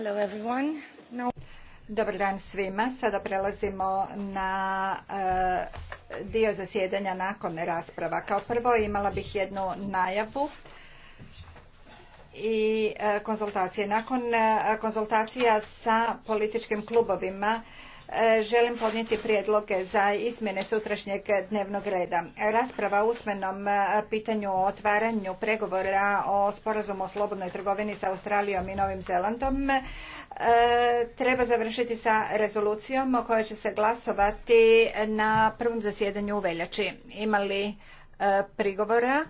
Hello everyone. Dobar dan svima. Sada prelazimo na eh, dio zasjedanja nakon rasprava. Kao prvo imala bih jednu najavu i eh, konzultacije. Nakon eh, konzultacija sa političkim klubovima E, želim podnijeti prijedloge za izmjene sutrašnjeg dnevnog reda. Rasprava u usmenom e, pitanju o otvaranju pregovora o sporazumu o slobodnoj trgovini sa Australijom i Novim Zelandom e, treba završiti sa rezolucijom o kojoj će se glasovati na prvom zasjedanju u veljači. Ima li prigovora?